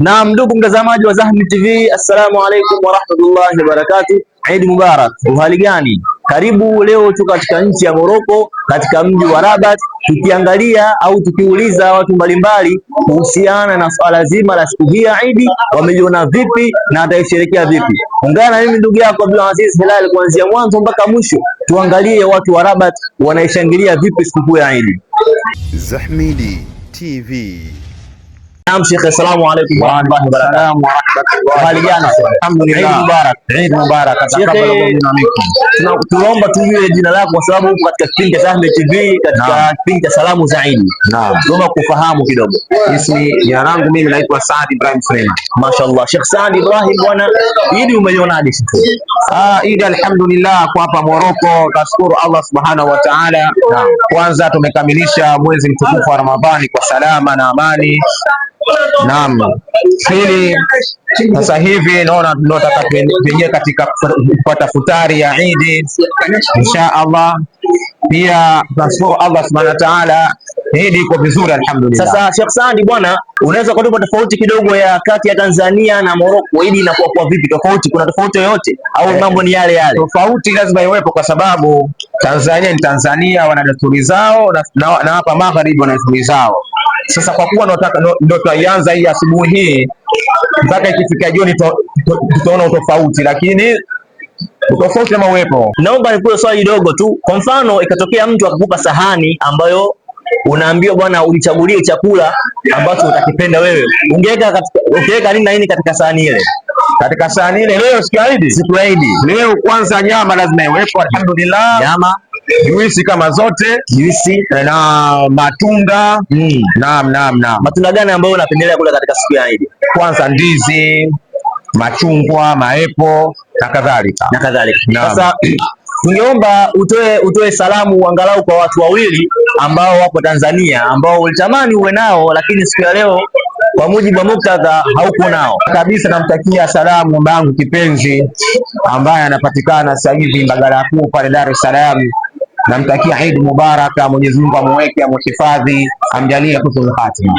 Naam, ndugu mtazamaji wa Zahmid TV, assalamu alaikum wa barakatuh. Eid Mubarak, uhali gani? Karibu. Leo tuko katika nchi ya Moroko katika mji wa Rabat, tukiangalia au tukiuliza watu mbalimbali kuhusiana na swala zima la siku hii ya Eid, wamejiona vipi na wataisherekea vipi? Ungana na mimi ndugu yako Abdul Aziz Hilal kuanzia mwanzo mpaka mwisho, tuangalie watu wa Rabat wanaishangilia vipi sikukuu ya Eid. Zahmid TV Naam, Sheikh, assalamu alaykum wa rahmatullahi wa barakatuh. Hali gani? Alhamdulillah. Mubarak. Eid Mubarak. Tunaomba tujue jina lako kwa sababu huko katika kipindi cha Zahmid TV katika kipindi cha salamu za Eid. Naam. Tunaomba kufahamu kidogo. Ismi ya rangu mimi naitwa Saad Ibrahim Frema. Mashaallah. Sheikh Saad Ibrahim bwana, Eid umeionaje? Ah, Eid alhamdulillah kwa hapa Morocco, tunashukuru Allah Subhanahu wa Ta'ala. Kwanza tumekamilisha mwezi mtukufu wa Ramadhani kwa salama na amani. Naam, hili sasa hivi naona tunataka kuingia katika kupata futari ya Idi insha Allah. Pia tunashukuru Allah subhanahu wa ta'ala, Idi iko vizuri alhamdulillah. Sasa Sheikh Sandi bwana, unaweza kutupa tofauti kidogo ya kati ya Tanzania na Morocco, Idi inakuwa kwa vipi tofauti? Kuna tofauti yoyote au mambo ni yale yale? Tofauti lazima iwepo kwa sababu Tanzania ni Tanzania, wana desturi zao, na hapa magharibi wana desturi zao sasa kwa kuwa ndo twaianza hii asubuhi hii, mpaka ikifika jioni tutaona utofauti, lakini utofauti ama uwepo. Naomba nikupe swali dogo tu. Kwa mfano, ikatokea mtu akakupa sahani ambayo unaambiwa bwana, ulichagulie chakula ambacho utakipenda wewe, ungeweka ungeweka nini na nini katika sahani ile? Katika sahani ile leo siku ya Idi, siku ya Idi leo, kwanza nyama lazima iwepo, alhamdulillah, nyama juisi kama zote, juisi na matunda mm. Naam, naam, naam. Matunda gani ambayo unapendelea kula katika siku ya Eid? Kwanza ndizi, machungwa, maepo na kadhalika na kadhalika. Sasa tungeomba utoe utoe salamu angalau kwa watu wawili ambao wako Tanzania ambao ulitamani uwe nao lakini siku ya leo kwa mujibu wa muktadha hauko nao kabisa. Namtakia salamu mbangu kipenzi ambaye anapatikana sasa hivi Mbagala Kuu pale Dar es Salaam namtakia Eid Mubarak, Mwenyezi Mungu amuweke amuhifadhi, amjalie husnul khatima.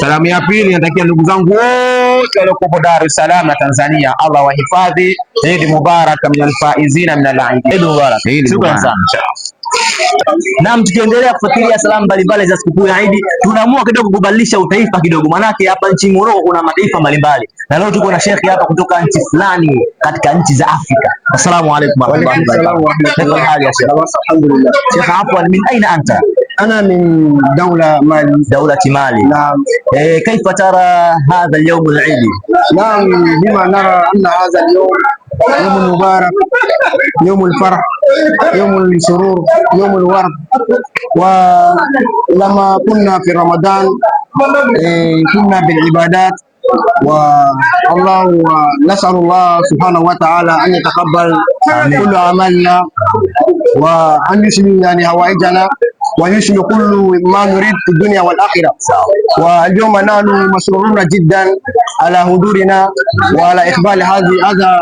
Salamu ya pili natakia ndugu zangu wote waliokuwa Dar es Salaam na Tanzania, Allah wahifadhi. Eid Mubaraka minal faizina Eid Mubarak. Shukran sana. Naam, tukiendelea kufuatilia salamu mbalimbali za sikukuu ya Eid, tunaamua kidogo kubadilisha utaifa kidogo, manake hapa nchi Morocco kuna mataifa mbalimbali, na leo tuko na shekhi hapa kutoka nchi fulani katika nchi za Afrika السلام عليكم ورحمه الله وبركاته كيف الحال يا شيخ؟ الحمد لله شيخ عفوا من اين انت؟ انا من دوله مالي دوله مالي نعم إيه كيف ترى هذا اليوم العيدي؟ نعم بما نرى ان هذا اليوم يوم مبارك يوم الفرح يوم السرور يوم الورد ولما كنا في رمضان إيه كنا بالعبادات والله نسأل الله سبحانه وتعالى أن يتقبل كل عملنا وأن يسلم يعني هوائجنا ويشمل كل ما نريد في الدنيا والآخرة واليوم نحن مسرورون جدا على حضورنا وعلى إقبال هذه هذا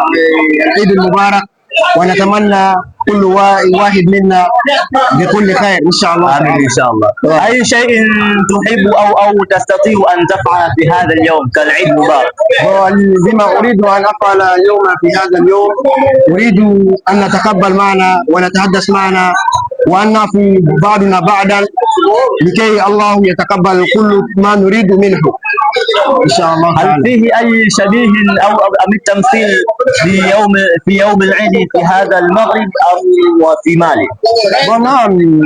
العيد المبارك ونتمنى كل واحد منا بكل خير ان شاء الله امين ان شاء الله اي شيء تحب او او تستطيع ان تفعل في هذا اليوم كالعيد زي بما اريد ان افعل اليوم في هذا اليوم اريد ان نتقبل معنا ونتحدث معنا وان في بعضنا بعضا لكي الله يتقبل كل ما نريد منه ان شاء الله هل فيه اي شبيه او ام التمثيل في يوم في يوم العيد في هذا المغرب او وفي مالي؟ والله نعم.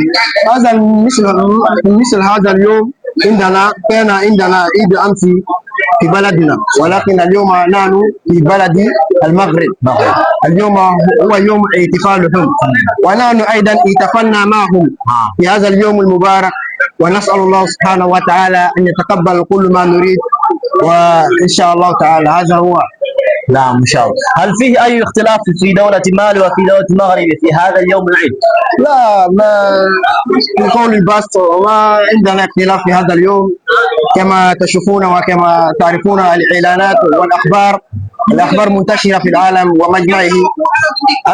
هذا مثل مثل هذا اليوم عندنا كان عندنا عيد امس في بلدنا ولكن اليوم نحن في بلد المغرب اليوم هو يوم احتفالهم ونحن ايضا احتفلنا معهم في هذا اليوم المبارك ونسأل الله سبحانه وتعالى أن يتقبل كل ما نريد وإن شاء الله تعالى هذا هو نعم إن شاء الله هل فيه أي اختلاف في دولة مالي وفي دولة المغرب في هذا اليوم العيد؟ لا ما بقول البسط ما عندنا اختلاف في هذا اليوم كما تشوفون وكما تعرفون الإعلانات والأخبار الأخبار منتشرة في العالم ومجمعه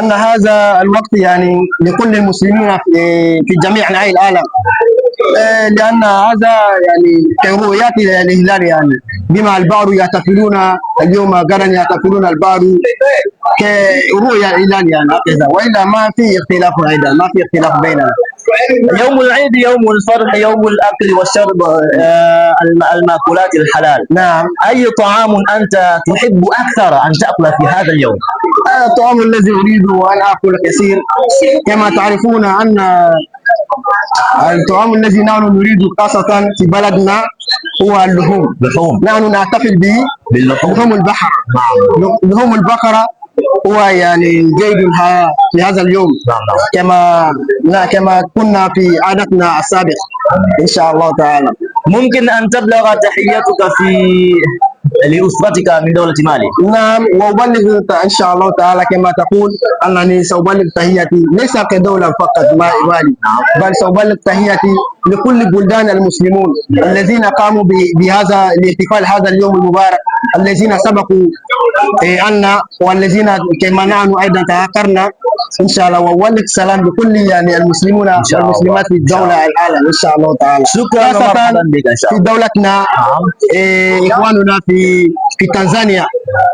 أن هذا الوقت يعني لكل المسلمين في جميع أنحاء العالم آه، لان هذا يعني ياتي للهلال يعني بما البار يحتفلون اليوم غدا يحتفلون البار كرؤيا الهلال يعني هكذا والا ما في اختلاف ايضا ما في اختلاف بيننا يوم العيد يوم الفرح يوم الاكل والشرب آه الماكولات الحلال نعم اي طعام انت تحب اكثر ان تاكل في هذا اليوم آه، الطعام الذي اريد ان اكل كثير كما تعرفون ان الطعام الذي نحن نريد خاصة في بلدنا هو اللحوم لحوم نحن نحتفل به لحوم البحر لحوم البقرة هو يعني جيد في هذا اليوم نعم، نعم. كما كما كنا في عادتنا السابق إن شاء الله تعالى ممكن أن تبلغ تحيتك في لأسرتك من دولة مالي نعم وأبلغ إن شاء الله تعالى كما تقول أنني سأبلغ تحياتي ليس كدولة فقط مالي بل سأبلغ تحياتي لكل بلدان المسلمون الذين قاموا بهذا الاحتفال هذا اليوم المبارك الذين سبقوا إيه، أن والذين كما نحن أيضا تذكرنا يعني ان شاء الله واول سلام لكل يعني المسلمون والمسلمات في الدوله العالم ان شاء الله تعالى شكرا خاصه في دولتنا نعم. إيه، اخواننا في في تنزانيا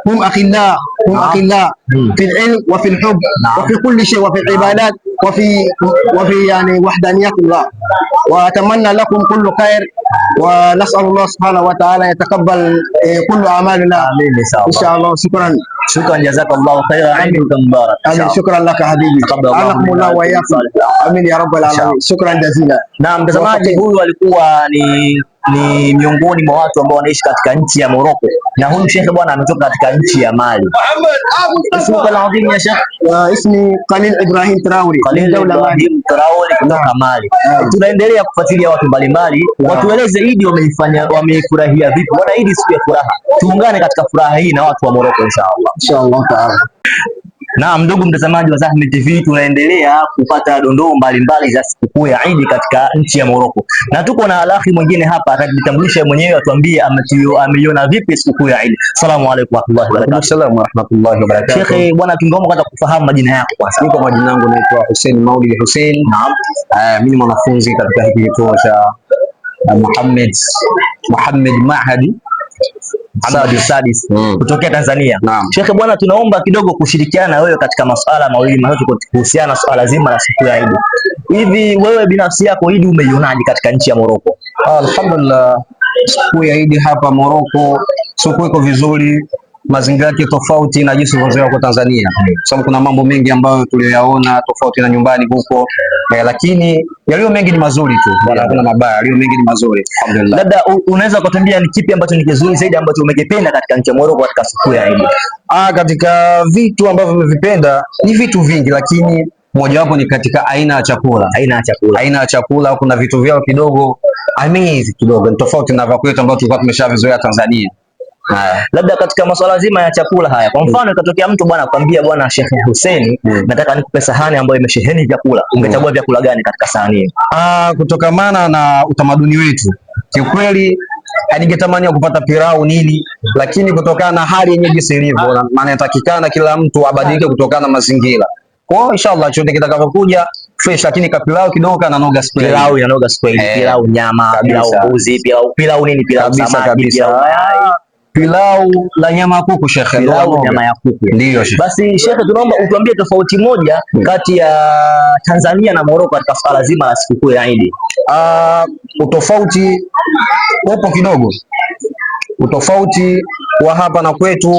هم اخلاء هم نعم. اخلاء في العلم وفي الحب نعم. وفي كل شيء وفي العبادات وفي وفي يعني وحدانيه الله واتمنى لكم كل خير ونسال الله سبحانه وتعالى يتقبل إيه، كل اعمالنا ان شاء الله شكرا Shukran jazaka Allahu khairan mubarak. Amin, shukran laka habibi. Mola wa yako. Amin ya rabbal alamin. Shukran jazila. Na mtazamaji huyu alikuwa ni ni miongoni mwa watu ambao wanaishi katika nchi ya Morocco, na huyu shekhe bwana ametoka katika nchi ya Mali. Uh, ismi Khalil Ibrahim Traore kutoka ah. Mali. Tunaendelea kufuatilia watu mbalimbali, watueleze Idi wameifanya wameifurahia vipi? bwana Idi siku ya furaha, tuungane katika furaha hii na watu wa Morocco inshallah, inshallah taala. Na ndugu mtazamaji wa Zahmid TV, tunaendelea kupata dondoo mbalimbali za sikukuu ya Eid katika nchi ya Morocco, na tuko na alahi mwingine hapa atajitambulisha mwenyewe, atuambie ameiona vipi sikukuu ya Eid. Asalamu alaykum wa barakatuh. Asalamu rahmatullahi barakatuh. Sheikh bwana, tungeomba kwanza kufahamu majina yako kwanza. Niko kwa majina yangu naitwa Hussein Maulid Hussein. Naam. Uh, mimi mwanafunzi katika hiki kituo cha ah, Muhammad Muhammad Mahadi Hamad Sadis mm. kutokea Tanzania. Shekhe bwana, tunaomba kidogo kushirikiana na wewe katika masuala mawili matatu kuhusiana swala zima la siku ya Eid. Hivi wewe binafsi yako Eid umeionaje katika nchi ya Morocco? Alhamdulillah, siku ya Eid hapa Morocco siku iko vizuri mazingira yake tofauti na jinsi tulivyozoea kwa Tanzania, kwa sababu kuna mambo mengi ambayo tuliyoyaona tofauti na nyumbani huko eh, lakini yaliyo mengi ni mazuri tu, hakuna mabaya, yaliyo mengi ni mazuri alhamdulillah. Labda unaweza kutuambia ni kipi ambacho ni kizuri zaidi ambacho umekipenda katika nchi ya Morocco katika siku ya Eid? Ah, katika vitu ambavyo umevipenda ni vitu vingi, lakini mojawapo ni katika aina ya chakula, aina ya chakula, aina ya chakula. Kuna vitu vyao kidogo amazing, kidogo ni tofauti na vya kwetu ambao tulikuwa tumeshavizoea Tanzania haya, labda katika masuala zima ya chakula haya, kwa mm. mfano ikatokea mtu bwana akwambia, bwana Sheikh Hussein, mm. nataka nikupe sahani ambayo imesheheni vyakula, ungechagua mm. vyakula gani katika sahani hiyo? Ah, kutokamana na utamaduni wetu kiukweli aningetamani eh, kupata pilau nini, lakini kutokana na hali yenyewe jinsi ilivyo, maana inatakikana kila mtu abadilike kutokana na mazingira. Kwa hiyo inshallah chote kitakapokuja fresh, lakini kapilau kidogo kana noga spray, pilau ya noga spray, eh, pilau nyama, pilau mbuzi, pilau pilau nini, pilau kabisa kabisa. Pilau la nyama ya kuku shekhe, pilau nyama ya kuku ndio shekhe. Basi shekhe, tunaomba utuambie tofauti moja hmm, kati ya Tanzania na Morocco katika swala zima la sikukuu ya Eid. Ah, utofauti upo kidogo, utofauti wa hapa na kwetu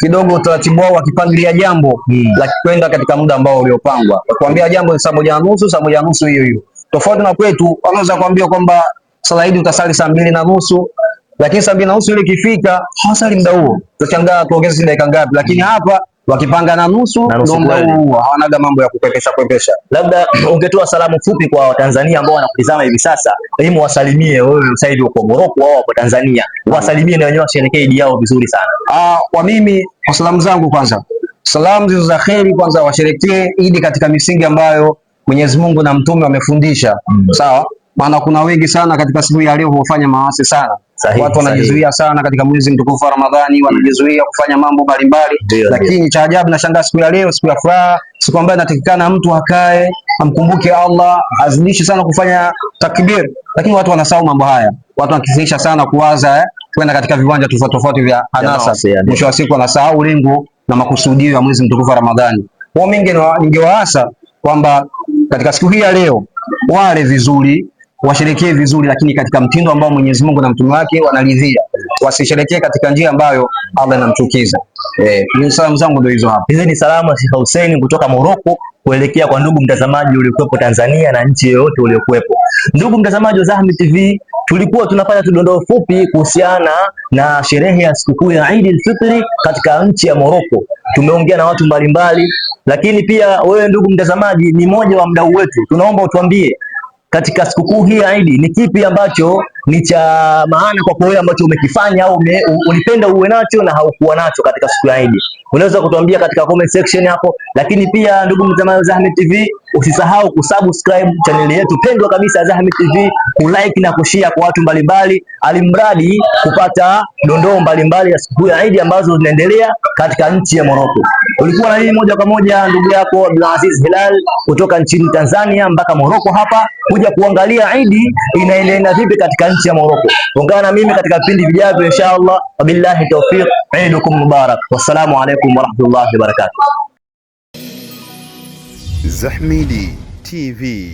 kidogo utaratibu wao wakipangilia jambo hmm, la kwenda katika muda ambao uliopangwa. Kuambia jambo ni saa moja na nusu, saa moja na nusu hiyo hiyo. Tofauti na kwetu wanaweza kuambia kwamba sala Eid utasali saa mbili na nusu lakini saa mbili na nusu ile ikifika hawasali muda huo, tutashangaa tuongeze si dakika ngapi, lakini mm. hapa wakipanga na nusu ndio muda huo, hawanaga mambo ya kupepesha kupepesha. Labda ungetoa salamu fupi kwa Watanzania ambao wanakutizama hivi sasa, ili wasalimie wewe, sasa hivi uko Moroko au uko Tanzania, wasalimie na wenyewe washerekee Idi yao vizuri sana. Ah, kwa mimi kwa salamu zangu, kwanza salamu zizo za kheri, kwanza washerekee Idi katika misingi ambayo Mwenyezi Mungu na mtume wamefundisha, mm. Sawa, maana kuna wengi sana katika siku ya leo hufanya maasi sana Sahi, watu wanajizuia sana katika mwezi mtukufu wa Ramadhani, wanajizuia kufanya mambo mbalimbali, lakini cha ajabu na siku ya leo, siku ya furaha, siku ambayo inatakikana mtu akae amkumbuke Allah, azidishe sana kufanya takbir, lakini watu wanasahau mambo haya, watu wanakiisha sana kuwaza eh, kwenda katika viwanja tofauti tofauti vya anasa, mwisho wa siku wanasahau lengo na makusudio ya mwezi mtukufu wa Ramadhani. Kwa mimi ningewaasa kwamba katika siku hii ya leo wale vizuri washerekee vizuri, lakini katika mtindo ambao Mwenyezi Mungu na mtume wake wanaridhia. Wasisherekee katika njia ambayo Allah anamchukiza. Eh, ni salamu zangu ndio hizo hapo. Hizi ni salamu ya Sheikh Hussein kutoka Morocco kuelekea kwa ndugu mtazamaji uliokuwepo Tanzania na nchi yoyote uliokuwepo. Ndugu mtazamaji wa Zahmi TV, tulikuwa tunafanya tudondoo fupi kuhusiana na sherehe ya sikukuu ya Eid al-Fitr katika nchi ya Morocco. Tumeongea na watu mbalimbali, lakini pia wewe ndugu mtazamaji ni mmoja wa mdau wetu, tunaomba utuambie katika sikukuu hii ya Idi ni kipi ambacho ni cha maana kwako wewe ambacho umekifanya au ume, ulipenda uwe nacho na haukuwa nacho katika siku ya Idi? Unaweza kutuambia katika comment section hapo, lakini pia ndugu mtazamaji wa Zahmid TV usisahau kusubscribe channel yetu pendwa kabisa Zahmid TV, kulike na kushare kwa watu mbalimbali, alimradi kupata dondoo mbalimbali ya siku ya Idi ambazo zinaendelea katika nchi ya Morocco. Ulikuwa na mimi moja kwa moja ndugu yako Abdulaziz Hilal kutoka nchini Tanzania mpaka Moroko hapa kuja kuangalia Idi inaendelea vipi katika nchi ya Moroko. Ungana na mimi katika vipindi vijavyo inshallah. Wabillahi tawfiq, Idukum mubarak. Wassalamu alaykum warahmatullahi barakatuh. Zahmidi TV